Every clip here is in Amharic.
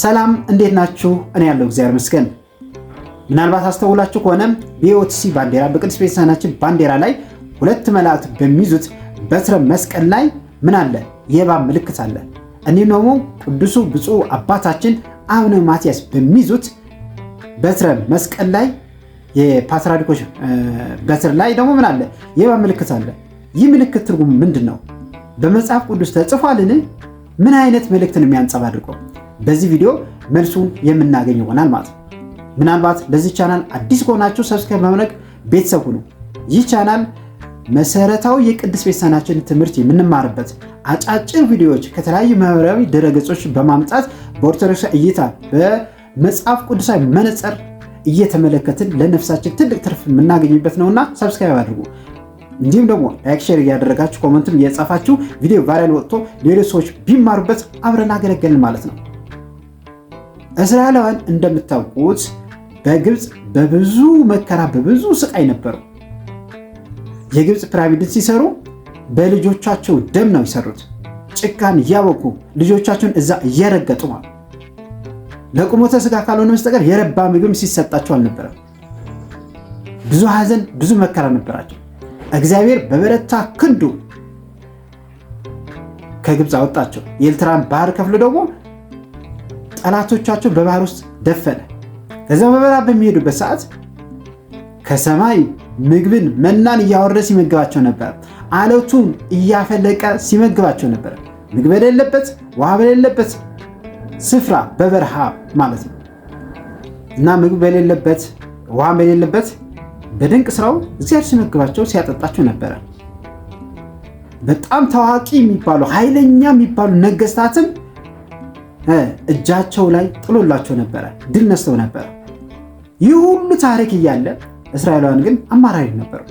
ሰላም እንዴት ናችሁ? እኔ ያለው እግዚአብሔር ይመስገን። ምናልባት አስተውላችሁ ከሆነ በኢኦቲሲ ባንዲራ በቅድስት ቤተክርስቲያናችን ባንዲራ ላይ ሁለት መላእክት በሚይዙት በትረ መስቀል ላይ ምን አለ? የእባብ ምልክት አለ። እንዲህ ደግሞ ቅዱሱ ብፁዕ አባታችን አቡነ ማትያስ በሚይዙት በትረ መስቀል ላይ የፓትርያርኮች በትር ላይ ደግሞ ምን አለ? የእባብ ምልክት አለ። ይህ ምልክት ትርጉም ምንድን ነው? በመጽሐፍ ቅዱስ ተጽፏልን? ምን አይነት መልእክትን የሚያንጸባርቀው በዚህ ቪዲዮ መልሱን የምናገኝ ይሆናል ማለት ነው። ምናልባት ለዚህ ቻናል አዲስ ከሆናችሁ ሰብስክራይብ በማድረግ ቤተሰብ ሁኑ። ይህ ቻናል መሰረታዊ የቅድስት ቤተሰናችን ትምህርት የምንማርበት አጫጭር ቪዲዮዎች ከተለያዩ ማህበራዊ ድረገጾች በማምጣት በኦርቶዶክስ እይታ በመጽሐፍ ቅዱሳዊ መነጽር እየተመለከትን ለነፍሳችን ትልቅ ትርፍ የምናገኝበት ነውና ሰብስክራይብ አድርጉ። እንዲሁም ደግሞ ላይክ፣ ሼር እያደረጋችሁ ኮመንትም እየጻፋችሁ ቪዲዮ ቫይራል ወጥቶ ሌሎች ሰዎች ቢማሩበት አብረን አገለገልን ማለት ነው። እስራኤላውያን እንደምታውቁት በግብፅ በብዙ መከራ በብዙ ስቃይ ነበሩ። የግብፅ ፒራሚድን ሲሰሩ በልጆቻቸው ደም ነው የሰሩት። ጭካን እያወቁ ልጆቻቸውን እዛ እየረገጡ ማለት ለቁሞተ ስጋ ካልሆነ መስጠቀር የረባ ምግብም ሲሰጣቸው አልነበረም። ብዙ ሐዘን፣ ብዙ መከራ ነበራቸው። እግዚአብሔር በበረታ ክንዱ ከግብፅ አወጣቸው። የኤርትራን ባህር ከፍሎ ደግሞ ጠላቶቻቸው በባህር ውስጥ ደፈነ። ከዚያ በምዕራብ በሚሄዱበት ሰዓት ከሰማይ ምግብን መናን እያወረደ ሲመግባቸው ነበር። አለቱም እያፈለቀ ሲመግባቸው ነበር። ምግብ በሌለበት ውሃ በሌለበት ስፍራ በበረሃ ማለት ነው እና ምግብ በሌለበት ውሃ በሌለበት በድንቅ ስራው እግዚአብሔር ሲመግባቸው ሲያጠጣቸው ነበረ። በጣም ታዋቂ የሚባሉ ኃይለኛ የሚባሉ ነገስታትም እጃቸው ላይ ጥሎላቸው ነበረ፣ ድል ነስተው ነበረ። ይህ ሁሉ ታሪክ እያለ እስራኤላውያን ግን አማራሪ ነበሩ።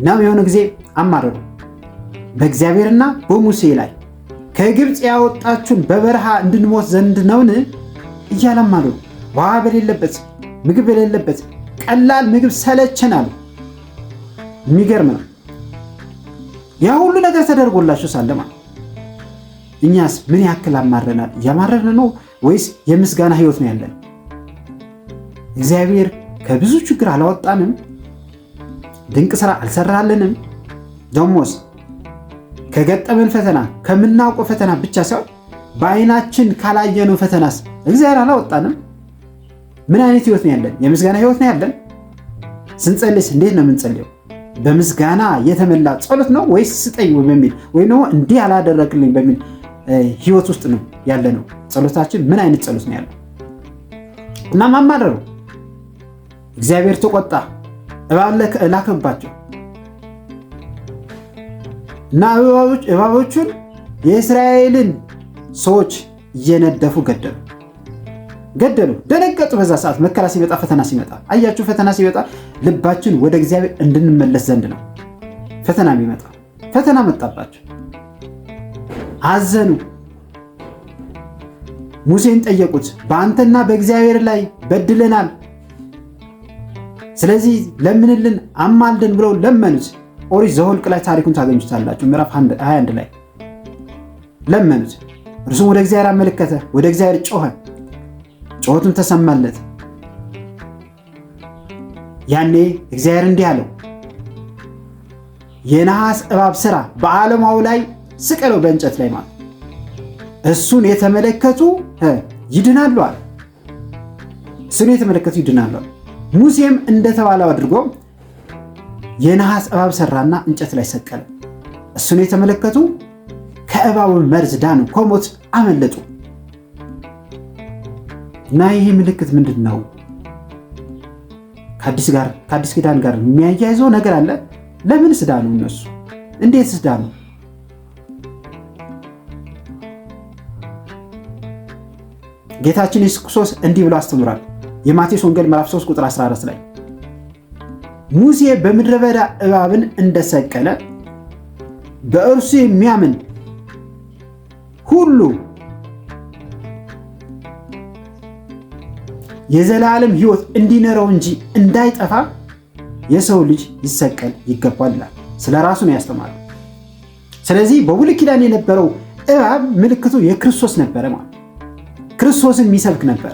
እናም የሆነ ጊዜ አማረሩ በእግዚአብሔርና በሙሴ ላይ ከግብፅ ያወጣችሁን በበረሃ እንድንሞት ዘንድ ነውን? እያለም አሉ። ውሃ በሌለበት ምግብ በሌለበት ቀላል ምግብ ሰለቸን አሉ። የሚገርም ነው። ያ ሁሉ ነገር ተደርጎላቸው ሳለማ እኛስ ምን ያክል አማረናል? እያማረን ነው ወይስ የምስጋና ህይወት ነው ያለን? እግዚአብሔር ከብዙ ችግር አላወጣንም? ድንቅ ስራ አልሰራልንም? ደግሞስ ከገጠመን ፈተና ከምናውቀው ፈተና ብቻ ሳይሆን በአይናችን ካላየነው ፈተናስ እግዚአብሔር አላወጣንም? ምን አይነት ህይወት ነው ያለን? የምስጋና ህይወት ነው ያለን? ስንጸልይስ እንዴት ነው የምንጸልየው? በምስጋና የተመላ ጸሎት ነው ወይስ ስጠኝ በሚል ወይም ደግሞ እንዲህ አላደረግልኝ በሚል ህይወት ውስጥ ነው ያለ ነው። ጸሎታችን ምን አይነት ጸሎት ነው ያለው? እና ማማረሩ እግዚአብሔር ተቆጣ፣ እባብ ላከባቸው እና እባቦቹን የእስራኤልን ሰዎች እየነደፉ ገደሉ ገደሉ። ደነገጡ። በዛ ሰዓት መከራ ሲመጣ፣ ፈተና ሲመጣ፣ አያችሁ ፈተና ሲመጣ ልባችን ወደ እግዚአብሔር እንድንመለስ ዘንድ ነው ፈተና የሚመጣ። ፈተና መጣባቸው። አዘኑ። ሙሴን ጠየቁት፣ በአንተና በእግዚአብሔር ላይ በድለናል፣ ስለዚህ ለምንልን አማልደን ብለው ለመኑት። ኦሪት ዘኍልቍ ላይ ታሪኩን ታገኙታላችሁ፣ ምዕራፍ 21 ላይ ለመኑት። እርሱም ወደ እግዚአብሔር አመለከተ፣ ወደ እግዚአብሔር ጮኸ፣ ጮኸቱም ተሰማለት። ያኔ እግዚአብሔር እንዲህ አለው፣ የነሐስ እባብ ሥራ በዓለማው ላይ ስቀለው በእንጨት ላይ ማለት እሱን የተመለከቱ ይድናሉ አለ። እሱን የተመለከቱ ይድናሉ። ሙሴም እንደተባለው አድርጎ የነሐስ እባብ ሰራና እንጨት ላይ ሰቀለ። እሱን የተመለከቱ ከእባቡ መርዝ ዳኑ፣ ከሞት አመለጡ። እና ይሄ ምልክት ምንድን ነው? ከአዲስ ኪዳን ጋር የሚያያይዘው ነገር አለ። ለምንስ ዳኑ? እነሱ እንዴትስ ዳኑ? ጌታችን ኢየሱስ ክርስቶስ እንዲህ ብሎ አስተምሯል። የማቴዎስ ወንጌል ምዕራፍ 3 ቁጥር 14 ላይ ሙሴ በምድረ በዳ እባብን እንደሰቀለ በእርሱ የሚያምን ሁሉ የዘላለም ሕይወት እንዲኖረው እንጂ እንዳይጠፋ የሰው ልጅ ይሰቀል ይገባል ይላል። ስለ ራሱ ነው ያስተማረው። ስለዚህ በብሉይ ኪዳን የነበረው እባብ ምልክቱ የክርስቶስ ነበረ ማለት ክርስቶስን የሚሰብክ ነበረ።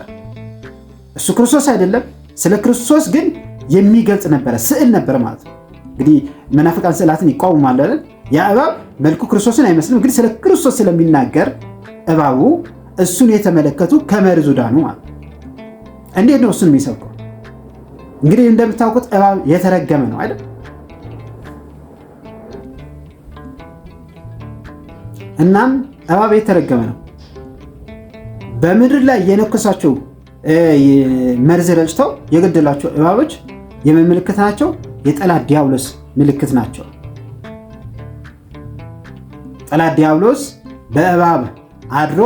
እሱ ክርስቶስ አይደለም፣ ስለ ክርስቶስ ግን የሚገልጽ ነበረ፣ ስዕል ነበረ ማለት ነው። እንግዲህ መናፍቃን ስዕላትን ይቃወማሉ አይደል? ያ እባብ መልኩ ክርስቶስን አይመስልም፣ ግን ስለ ክርስቶስ ስለሚናገር እባቡ እሱን የተመለከቱ ከመርዙ ዳኑ ማለት ነው። እንዴት ነው እሱን የሚሰብከው? እንግዲህ እንደምታውቁት እባብ የተረገመ ነው አይደል? እናም እባብ የተረገመ ነው። በምድር ላይ የነከሷቸው መርዝ ረጭተው የገደሏቸው እባቦች የምን ምልክት ናቸው? የጠላት ዲያብሎስ ምልክት ናቸው። ጠላት ዲያብሎስ በእባብ አድሮ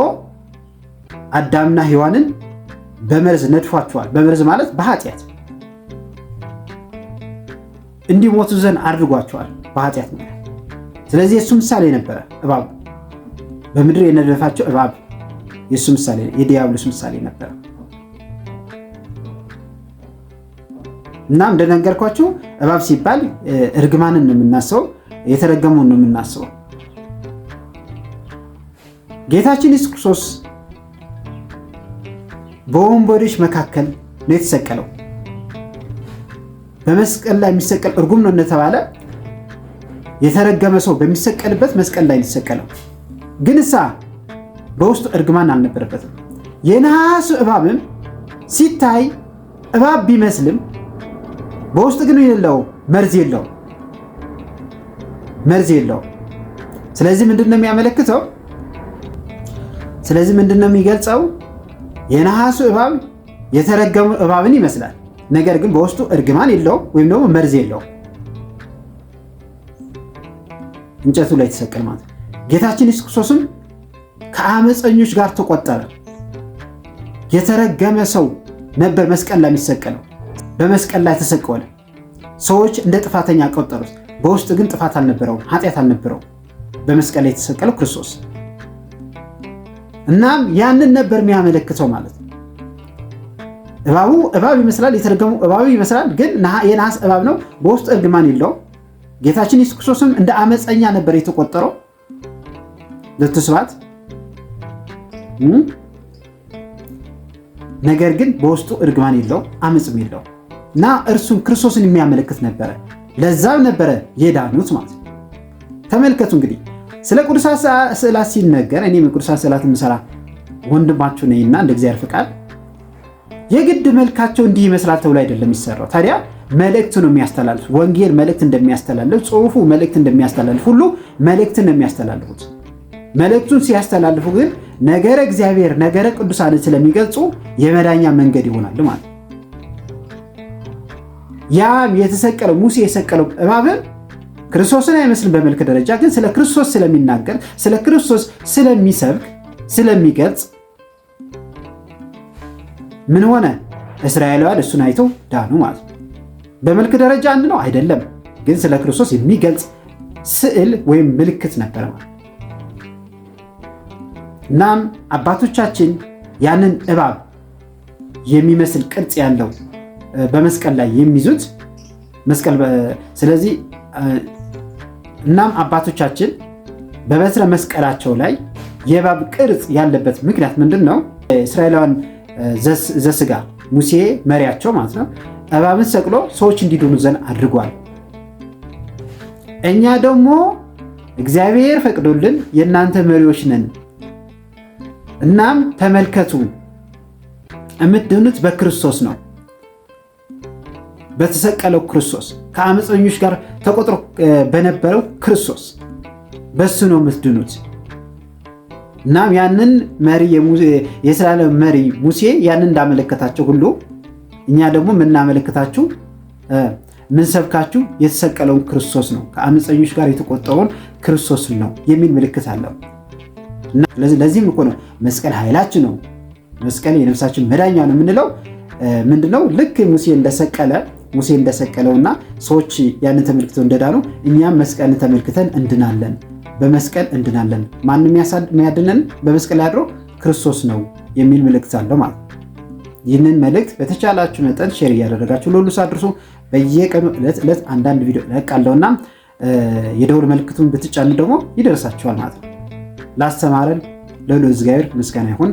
አዳምና ሔዋንን በመርዝ ነድፏቸዋል። በመርዝ ማለት በኃጢአት እንዲሞቱ ዘንድ አድርጓቸዋል በኃጢአት ምክንያት። ስለዚህ እሱ ምሳሌ ነበረ እባብ በምድር የነደፋቸው እባብ የእሱ ምሳሌ የዲያብሎስ ምሳሌ ነበር። እና እንደነገርኳችሁ እባብ ሲባል እርግማንን ነው የምናስበው፣ የተረገመውን ነው የምናስበው። ጌታችን ኢየሱስ ክርስቶስ በወንበዴዎች መካከል ነው የተሰቀለው። በመስቀል ላይ የሚሰቀል እርጉም ነው እንደተባለ የተረገመ ሰው በሚሰቀልበት መስቀል ላይ የሚሰቀለው ግን እሳ በውስጡ እርግማን አልነበረበትም። የነሐሱ እባብም ሲታይ እባብ ቢመስልም በውስጥ ግን የለው መርዝ የለው መርዝ የለው። ስለዚህ ምንድን ነው የሚያመለክተው? ስለዚህ ምንድን ነው የሚገልጸው? የነሐሱ እባብ የተረገሙ እባብን ይመስላል። ነገር ግን በውስጡ እርግማን የለው ወይም ደግሞ መርዝ የለው እንጨቱ ላይ ተሰቀል ማለት ጌታችን ኢየሱስ ክርስቶስም ከአመፀኞች ጋር ተቆጠረ። የተረገመ ሰው ነበር መስቀል ላይ የሚሰቀለው። በመስቀል ላይ ተሰቀለ። ሰዎች እንደ ጥፋተኛ ቆጠሩት። በውስጥ ግን ጥፋት አልነበረውም፣ ኃጢአት አልነበረውም። በመስቀል ላይ የተሰቀለው ክርስቶስ እናም ያንን ነበር የሚያመለክተው ማለት ነው። እባቡ እባብ ይመስላል፣ የተረገሙ እባብ ይመስላል፣ ግን የነሐስ እባብ ነው። በውስጥ እርግማን የለውም። ጌታችን ኢየሱስ ክርስቶስም እንደ አመፀኛ ነበር የተቆጠረው። ለቱ ነገር ግን በውስጡ እርግማን የለው አመፅም የለው እና እርሱም ክርስቶስን የሚያመለክት ነበረ። ለዛም ነበረ የዳኑት ማለት ነው። ተመልከቱ እንግዲህ ስለ ቅዱሳት ስዕላት ሲነገር እኔም የቅዱሳት ስዕላት የምሰራ ወንድማችሁ ነኝና እንደ እግዚአብሔር ፍቃድ የግድ መልካቸው እንዲህ ይመስላል ተብሎ አይደለም የሚሰራው። ታዲያ መልእክት ነው የሚያስተላልፉ ወንጌል መልእክት እንደሚያስተላልፍ፣ ጽሁፉ መልእክት እንደሚያስተላልፍ ሁሉ መልእክትን ነው የሚያስተላልፉት። መልእክቱን ሲያስተላልፉ ግን ነገረ እግዚአብሔር ነገረ ቅዱሳንን ስለሚገልጹ የመዳኛ መንገድ ይሆናል ማለት ያም የተሰቀለው ሙሴ የሰቀለው እባብም ክርስቶስን አይመስልም በመልክ ደረጃ ግን ስለ ክርስቶስ ስለሚናገር ስለ ክርስቶስ ስለሚሰብክ ስለሚገልጽ ምን ሆነ እስራኤላውያን እሱን አይተው ዳኑ ማለት ነው በመልክ ደረጃ አንድ ነው አይደለም ግን ስለ ክርስቶስ የሚገልጽ ስዕል ወይም ምልክት ነበር ማለት እናም አባቶቻችን ያንን እባብ የሚመስል ቅርጽ ያለው በመስቀል ላይ የሚይዙት መስቀል ስለዚህ እናም አባቶቻችን በበትረ መስቀላቸው ላይ የእባብ ቅርጽ ያለበት ምክንያት ምንድን ነው? እስራኤላውያን ዘስጋ ሙሴ መሪያቸው ማለት ነው እባብን ሰቅሎ ሰዎች እንዲድኑ ዘንድ አድርጓል። እኛ ደግሞ እግዚአብሔር ፈቅዶልን የእናንተ መሪዎች ነን እናም ተመልከቱ የምትድኑት በክርስቶስ ነው፣ በተሰቀለው ክርስቶስ፣ ከአመፀኞች ጋር ተቆጥሮ በነበረው ክርስቶስ፣ በሱ ነው የምትድኑት። እናም ያንን መሪ የእስራኤል መሪ ሙሴ ያንን እንዳመለከታቸው ሁሉ እኛ ደግሞ የምናመለከታችሁ ምንሰብካችሁ የተሰቀለውን ክርስቶስ ነው፣ ከአመፀኞች ጋር የተቆጠረውን ክርስቶስ ነው የሚል ምልክት አለው። ለዚህም እኮ ነው መስቀል ኃይላችን ነው፣ መስቀል የነፍሳችን መዳኛ ነው የምንለው። ምንድነው ልክ ሙሴ እንደሰቀለ ሙሴ እና ሰዎች ያንን ተመልክተው እንደዳኑ እኛም መስቀልን ተመልክተን እንድናለን። በመስቀል እንድናለን። ማንም የሚያድነን በመስቀል ያድሮ ክርስቶስ ነው የሚል መልእክት አለው ማለት ይህንን መልእክት በተቻላችሁ መጠን ሼር እያደረጋችሁ ለሁሉ ሳድርሱ። በየቀኑ ዕለት ዕለት አንዳንድ ቪዲዮ እለቃለሁና የደውል ምልክቱን ብትጫኑ ደግሞ ይደርሳችኋል ማለት ነው። ላስተማረን ለሎ እግዚአብሔር ምስጋና ይሁን፣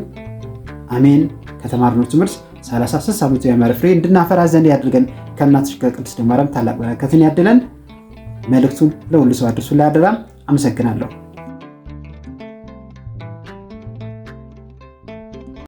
አሜን። ከተማርነው ትምህርት 36 ስድስት ዓመቱ ያማረ ፍሬ እንድናፈራ ዘንድ ያድርገን። ከእናትሽ ከቅድስት ድንግል ማርያም ታላቅ በረከትን ያድለን። መልእክቱን ለሁሉ ሰው አድርሱ ላይ አደራ። አመሰግናለሁ።